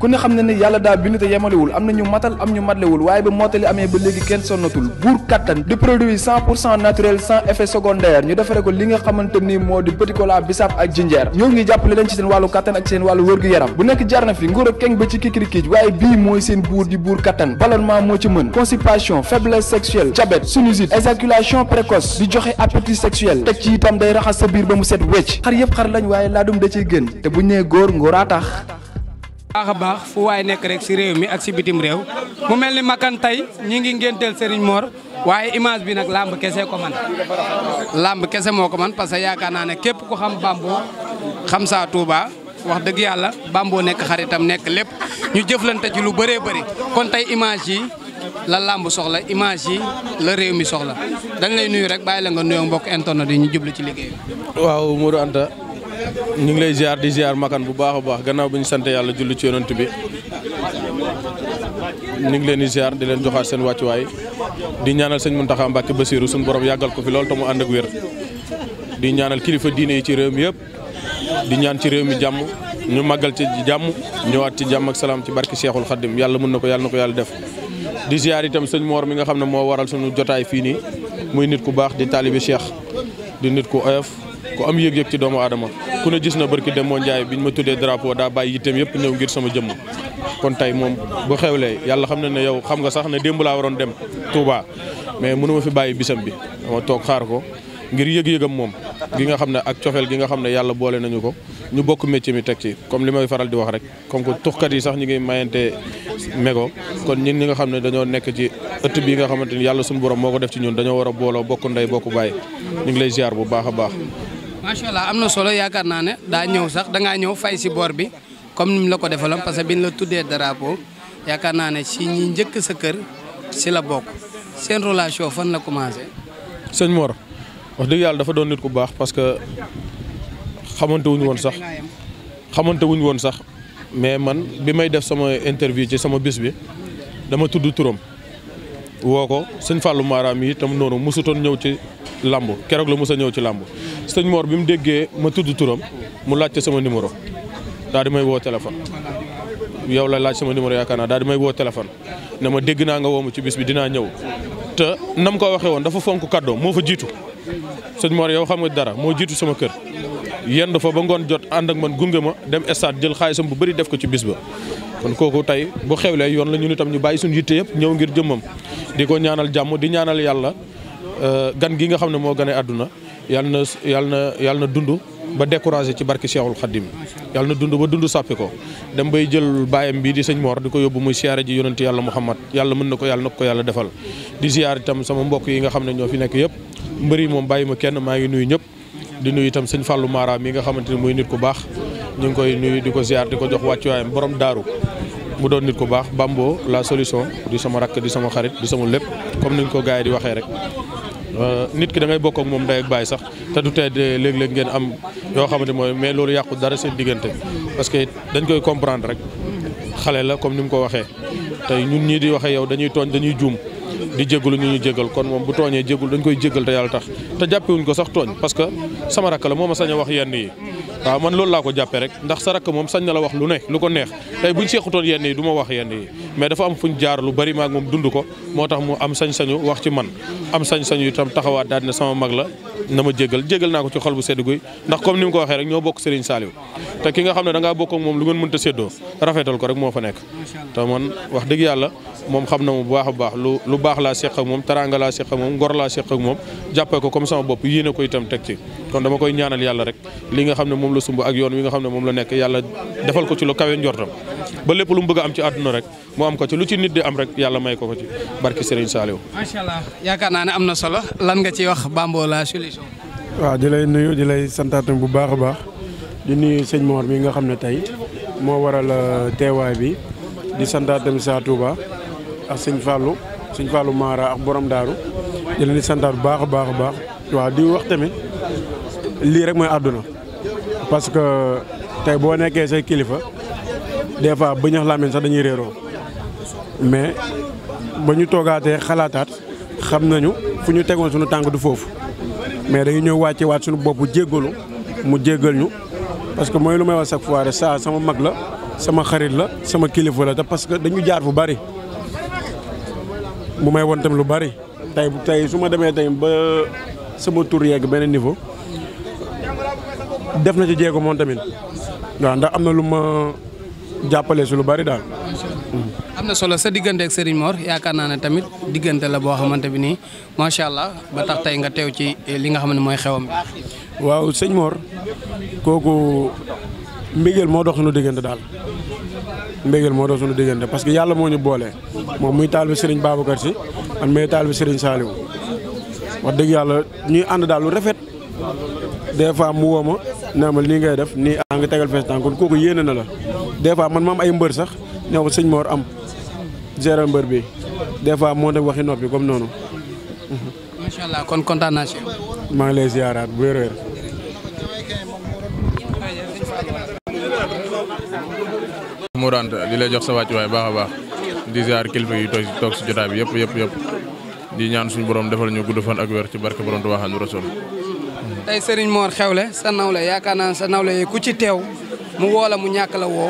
ku ne xam na ne yàlla daal bind te yemalewul am na ñu matal am ñu matlewul waaye ba mottali amee ba léegi kenn sonnatul buur kattan di produit naturel sans effet secondaire ñu defare ko li nga xamante ni moo di petit cola bisaab ak jinjeer ñoo ngi jàppale leen ci seen wàllu kattan ak seen wàllu wërgu yaram bu nekk jarna fi nguur ak keng ba ci kikirikiij waaye bii mooy seen buur di buur kattan ballonnement moo ci mën constipation faiblesse sexuelle diabète sinusite éjaculation précoce di joxe appétit sexuel ci itam day raxas sa biir ba mu set wecc xar yëpp xar lañ baax a baax fu waaye nekk rek si réew mi ak si bitim réew mu mel ni Makan tey ñi ngi ngénteel Serigne Mor waaye image bi nag làmb kese ko man làmb kese moo ko man parce que yaakaar naa ne képp ku xam Bambo xam saa Touba wax dëgg yàlla Bambo nekk xaritam nekk lépp ñu jëflante ci lu bëree bëri kon tey image yi la làmb soxla image yi la réew mi soxla dañ lay nuyu rek bàyyi la nga nuyoo mbokk internet yi ñu jublu ci liggéey waaw Modou Anta ñu ngi lay ziar di ziar makan bu baax a baax gannaaw bi ñu sant yàlla julli ci yonent bi ñu ngi leen di ziar di leen joxaat seen wàccuwaay di ñaanal sëñ Mountakha Mbacké Bassirou suñ borom yàggal ko fi lool te mu ànd ak wér. di ñaanal kilifa diine yi ci réew mi yëpp di ñaan ci réew mi jàmm ñu màggal ci jàmm ñëwaat ci jàmm ak salaam ci barki seexul Khadim yàlla mën na ko yàlla na ko yàlla def. di ziar itam sëñ Mor mi nga xam ne moo waral suñu jotaay fii nii muy nit ku baax di taalibi Cheikh di ku am yëg-yëg ci doomu aadama ku ne gis na barki dem moo njaay biñ ma tuddee drapeau daa bàyyi yitteem yëpp ñëw ngir sama jëmm kon tey moom bu xewlee yàlla xam na ne yow xam nga sax ne démb laa waroon dem Touba mais mënuma fi bàyyi bisam bi dama toog xaar ko ngir yëg-yëgam moom gi nga xam ne ak cofeel gi nga xam ne yàlla boole nañu ko ñu bokk métier mi teg ci comme li may faral di wax rek comme que tuxkat yi sax ñu ngi mayante mégo kon ñun ñi nga xam ne dañoo nekk ci ëtt bi nga xamante ni yàlla suñu borom moo ko def ci ñun dañoo war a booloo bokk ndey bokk bàyyi ñu ngi lay ziar bu baax a baax macha allah am na solo yaakaar naa ne daa ñëw sax dangaa ñëw fay si boor bi comme ni mu la ko defaloon parce que bi ñu la tuddee drapeau yaakaar naa ne si ñi njëkk sa kër si la bokk seen relation fan la commencé. sëñ Mor wax dëgg yàlla dafa doon nit ku baax parce que xamante woon sax xamante wuñu woon sax mais man bi may def sama interview ci sama bis bi dama tudd turam. woo ko sëñ Fallou Mara mi itam noonu mosutoon ñëw ci làmb keroog la mos a ñëw ci làmb sëñ Mor bi mu déggee ma tudd turam mu laajte sama numéro daal di may woo téléphone. yow la laaj sama numéro yaakaar naa daal di may woo téléphone ne ma dégg naa nga ma ci bis bi dinaa ñëw te nam ko waxee woon dafa fonk kàddoom moo fa jiitu sëñ Mor yow xam nga dara moo jiitu sama kër. yenn fa ba ngoon jot ànd ak man gunge ma dem stade jël xaalisam bu bëri def ko ci bis ba kon kooku tey bu xewlee yoon la ñu nitam ñu bàyyi suñu yitte yëpp ñëw ngir jëmmam. di ko ñaanal jàmm di ñaanal yàlla euh, gan gi nga xam ne moo gane àdduna yàlla na yàlla na yàlla dund ba découragé ci barki Cheikhul Khadim yàlla na dund ba dund sàppi ko dem bay jël baayam bii di sëñ Mor di ko yóbbu muy siyaare ji yonent yàlla Muhammad yàlla mën na ko yàlla na ko yàlla defal di siyaar itam sama mbokk yi nga xam ne ñoo fi nekk yëpp mbëri moom bàyyi ma kenn maa ngi nuyu ñëpp di nuyu itam sëñ fàllu maaraam yi nga xamante ne muy nit ku baax ñu ngi koy nuyu di ko siyaar di ko jox wàccuwaayam borom daaru mu doon nit ku baax Bambo la solution di sama rakk di sama xarit di sama lépp comme ni ñu ko gars di waxee rek. Euh, nit ki damay ngay bokk ak moom day ak bàyyi sax te du tee léeg-léeg ngeen am yoo xamante mooy mais loolu yàqu dara seen diggante parce que dañ koy comprendre rek xale la comme ni mu ko waxee tey ñun ñii di waxee yow dañuy tooñ dañuy juum. di jégalu ñu ñu jégal kon moom bu tooñee jégalu dañ koy jégal te yàlla tax te jàppewuñ ko sax tooñ parce sama rakk la moo ma sañ a wax yenn yi waaw man loolu laa ko jàppee rek ndax sa rakk moom sañ na la wax lu ne lu ko neex tey buñ seexutoon yenn yi du ma wax yenn yi mais dafa am fuñ jaar lu bari maag moom dund ko moo tax mu am sañ-sañu wax ci man am sañ-sañu itam taxawaat daal sama mag la na ma jégal jégal naa ko ci xol bu sedd guy ndax da ngaa ko rek moo fa nekk te man wax dëgg yàlla moom xam a baax laa seq moom teraanga laa seq ak moom ngor laa seq ak moom jàppee ko comme sama bopp yéene ko itam teg ci kon dama koy ñaanal yàlla rek li nga xam ne moom la sumb ak yoon wi nga xam ne moom la nekk yàlla defal ko ci lu kawe ba lépp lu mu bëgg am ci àdduna rek mu am ko ci lu ci nit di am rek yàlla may ko ko ci barki Serigne Saliou. macha allah yaakaar naa ne am na solo lan nga ci wax Bambo la solution. waaw di lay nuyu di lay santaat bu baax baax di nuyu sëñ Mor mi nga xam ne tey moo waral euh, teewaay bi di santaat saa Touba ak sëñ Fallou suñ Fallou Mara ak borom daaru di leen di bu baax a baax a baax waaw di wax tamit lii rek mooy àdduna parce que tey boo nekkee kilifa des fois bu ñax làmmiñ sax dañuy réeroo mais ba ñu toogaatee xalaataat xam nañu fu ñu tegoon sunu tànk du foofu mais dañu ñëw wàcce waat suñu bopp jéggalu mu jéggal ñu parce que mooy lu may wax chaque fois rek saa sama mag la sama xarit la sama kilifa la te parce que dañu jaar fu bari bu may woon tam lu bari tey tey su ma demee tey ba sama tur yegg beneen niveau def na ci jéego moom tamit waaw ndax am na lu ma jàppale si lu bari daal. am na solo sa diggante ak Serigne Mor yaakaar naa ne tamit diggante la boo xamante bi nii macha allah ba tax tey nga teew ci eh, li nga xam ne mooy xewam bi. waaw sëñ Mor kooku mbigeel moo dox suñu diggante daal mbégeel moo doon suñu diggante parce que yàlla moo ñu boole moom muy taal bi Serigne Babacar si man muy taal bi Serigne Saliou wax dëgg yàlla ñuy ànd daal lu rafet des fois mu woo ma nee ma nii ngay def nii a tegal fees tànk kon kooku yéene na la des fois man ma am ay mbër sax ñëw sëñ Mor am gérer mbër bi des fois moo tax waxi noppi comme noonu. macha allah kon kontaan maa ngi lay ziaraat bu wér-wér Modou Anta di la jox sa wàccuwaay baax a di ziar kilifa yi toog si jotaay bi yëpp yëpp di ñaan suñu borom defal ñu gudd fan ak wér ci barke borom Tuubaa Xaadimu Rasuul. tey Serigne Mor xewle sa nawle yaakaar naa sa nawle yi ku ci teew mu woo la mu ñàkk la woo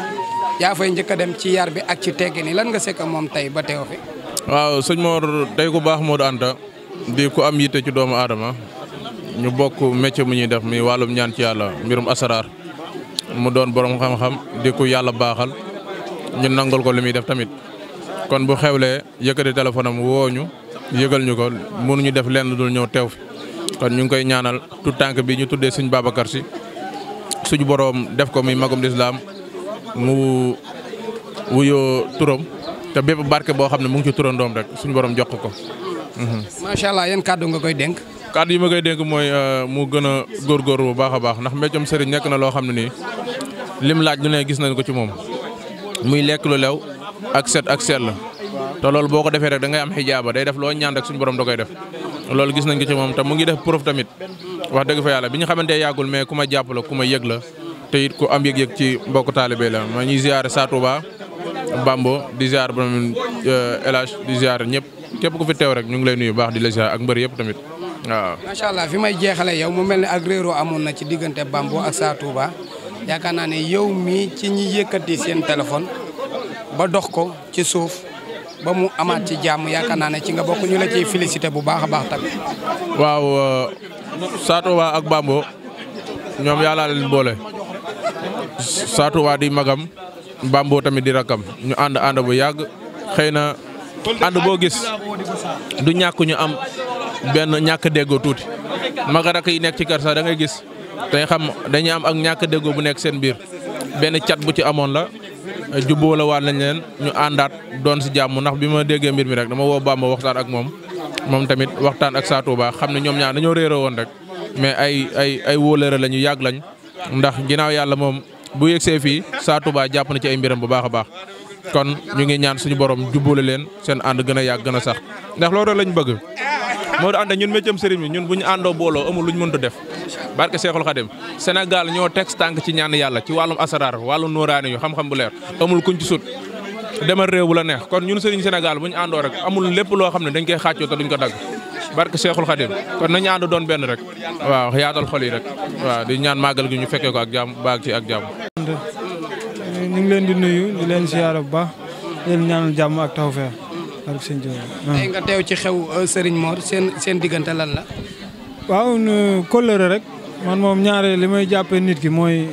yaa fay njëkk a dem ci yar bi ak ci teggin yi lan nga sekk moom tey ba teew fi. waaw sëñ Mor tey ku baax Modou Anta di ku am yitte ci doomu aadama ñu bokk métier mu ñuy def mi wàllum ñaan ci yàlla mbirum ñu nangul ko li muy def tamit kon bu xewlee yëkkati téléphone am woo ñu yëgal ñu ko mënuñu def lenn dul ñëw teew fi kon ñu ngi koy ñaanal tout tànk bi ñu tuddee suñ Babacar si suñu boroom def ko muy magum lislaam mu wuyoo turam te bépp barke boo xam ne mu ngi ci turandoom rek suñu borom jox ko. Mhm. macha allah yan kàddu nga koy dénk. kàddu yi ma koy dénk mooy euh, mu gën góor góor bu baax a baax ndax mbéccum sëriñ nekk na loo xam ne nii lim laaj ñu ne gis nañu ko ci moom. muy lekk lu lew ak set ak sell te loolu boo ko defee rek da ngay am xijaaba day def loo ñaan rek suñu borom da koy def loolu gis nañ ko ci moom te mu ngi def preuve tamit wax dëgg fa yàlla bi ñu xamante yàggul mais ku ma jàpp la ku ma yëg la te it ku am yëg-yëg ci mbokk taalibe la ma ñuy ziar Sa Touba Bambo di ziar borom euh, El Hadj di ziar ñëpp képp ku fi teew rek ñu ngi lay nuyu baax di la ziar ak mbër yëpp tamit waaw. macha allah fi may jeexalee yow mu mel ni ak réeroo amoon na ci diggante Bambo ak Sa Touba yaakaar naa ne yow mii ci ñi yëkkati seen téléphone ba dox ko ci suuf ba mu amaat ci jàmm yaakaar naa ne ci nga bokk ñu la ciy félicité bu baax a baax tamit. waaw euh, Saatuba ak Bambo ñoom yàlla leen boole Saatuba di magam Bambo tamit di rakkam ñu ànd ànd bu yàgg xëy na ànd boo gis du ñàkk ñu am benn ñàkk déggoo tuuti maga rakk yi nekk ci kër dangay gis. tey xam dañu am ak ñàkk déggoo bu nekk seen biir benn cat bu ci amoon la jubboo la waat nañ leen ñu àndaat doon si jàmm ndax bi ma déggee mbir mi rek dama woo Bamba waxtaan ak moom moom tamit waxtaan ak Sa Touba xam ne ñoom ñaan dañoo réeroo woon rek mais ay ay ay wóolëre lañu yàgg lañ ndax ginnaaw yàlla moom bu yegsee fii Sa Touba jàpp na ci ay mbiram bu baax a baax kon ñu ngi ñaan suñu borom jubboole leen seen ànd gën a yàgg gën a sax ndax loolu lañ bëgg moo ànd ñun méccam sëriñ bi ñun bu ñu àndoo booloo amul luñ mënta def barke Seexul Xadim Sénégal ñoo teg tànk ci ñaan yàlla ci wàllum asaraar wàllum nooraani yu xam-xam bu leer amul kuñ ci sut demal réew bu la neex kon ñun sëriñ Sénégal bu ñu àndoo rek amul lépp loo xam ne dañ koy xaajoo te duñ ko dagg barke Seexul Xadim kon nañu ànd doon benn rek waaw yaatal xol yi rek waaw di ñaan màggal gi ñu fekkee ko ak jàmm baag ci ak jàmm. ñu ngi leen di nuyu di leen ziyaara bu baax di leen ñaanal jàmm ak tawfeex. tey nga teew ci xew euh, Serigne seen seen diggante lan la. waaw euh, kóllëre rek man moom ñaare li may jàppee nit ki mooy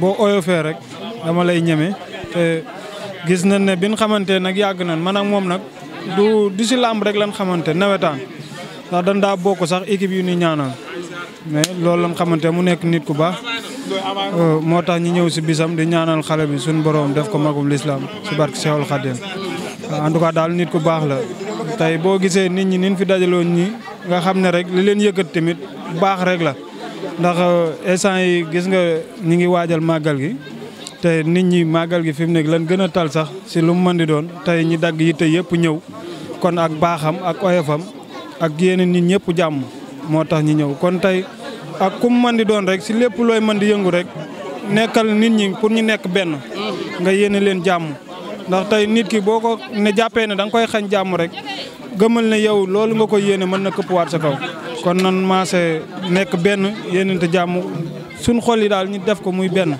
boo oyofee rek dama lay ñeme te gis nañ ne bin xamante nag yàgg nañ man moom nag du du si làmb rek lan xamante nawetaan ndax dañ daa bokk sax équipe yu ni ñaanal mais loolu lan xamante mu nekk nit ku baax euh, moo tax ñu ñëw si bisam di ñaanal xale bi suñu borom def ko magum lislaam si barke Seexul Xaadim en tout daal nit ku baax la tey boo gisee nit ñi nin fi dajaloon ñi nga xam ne rek li leen yëkkat tamit baax rek la ndax euh, instant yi gis nga ñi ngi waajal màggal gi te nit ñi màggal gi fi mu nekk lan gën a tal sax si lum mu mën di doon tey ñi dagg yi te yëpp ñëw kon ak baaxam ak oyofam ak yéen nit ñëpp jàmm moo tax ñi ñëw kon tey ak ku mu mën di doon rek si lépp looy mën di yëngu rek nekkal nit ñi pour ñu nekk benn nga yéene leen jàmm ndax tey nit ki boo ko ne jàppee ne da nga koy xañ jàmm rek gëmal ne yow loolu nga koy yéene mën na këppwaat sa kaw kon nan maase nekk benn yéenante jàmm suñ xol yi daal ñu def ko muy benn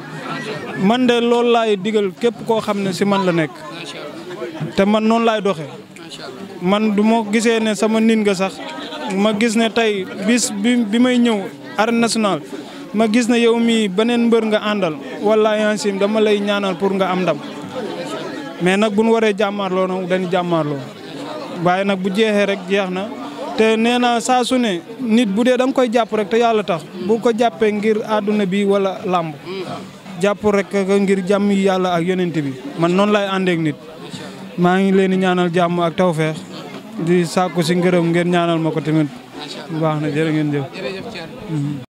man de loolu laay digal képp koo xam ne si man la nekk te man noonu laay doxee man du ma gisee ne sama nit nga sax ma gis ne tey bis bi bi may ñëw arène nationale ma gis ne yow mii beneen mbër nga àndal wala yansim dama lay ñaanal pour nga am ndam mais nag bu ñu waree jàmmaarloo nag dañu jàmmaarloo waaye nag bu jeexee rek jeex na te nee naa saa ne nit bu dee da koy jàpp rek te yàlla tax bu ko jàppee ngir àdduna bi wala làmb jàpp rek ngir jàmm yàlla ak yonent bi man noonu lay àndeek nit maa ngi leen di ñaanal jàmm ak tawfeex di sàkku si ngërëm ngeen ñaanal ma ko tamit baax na jërë ngeen jëf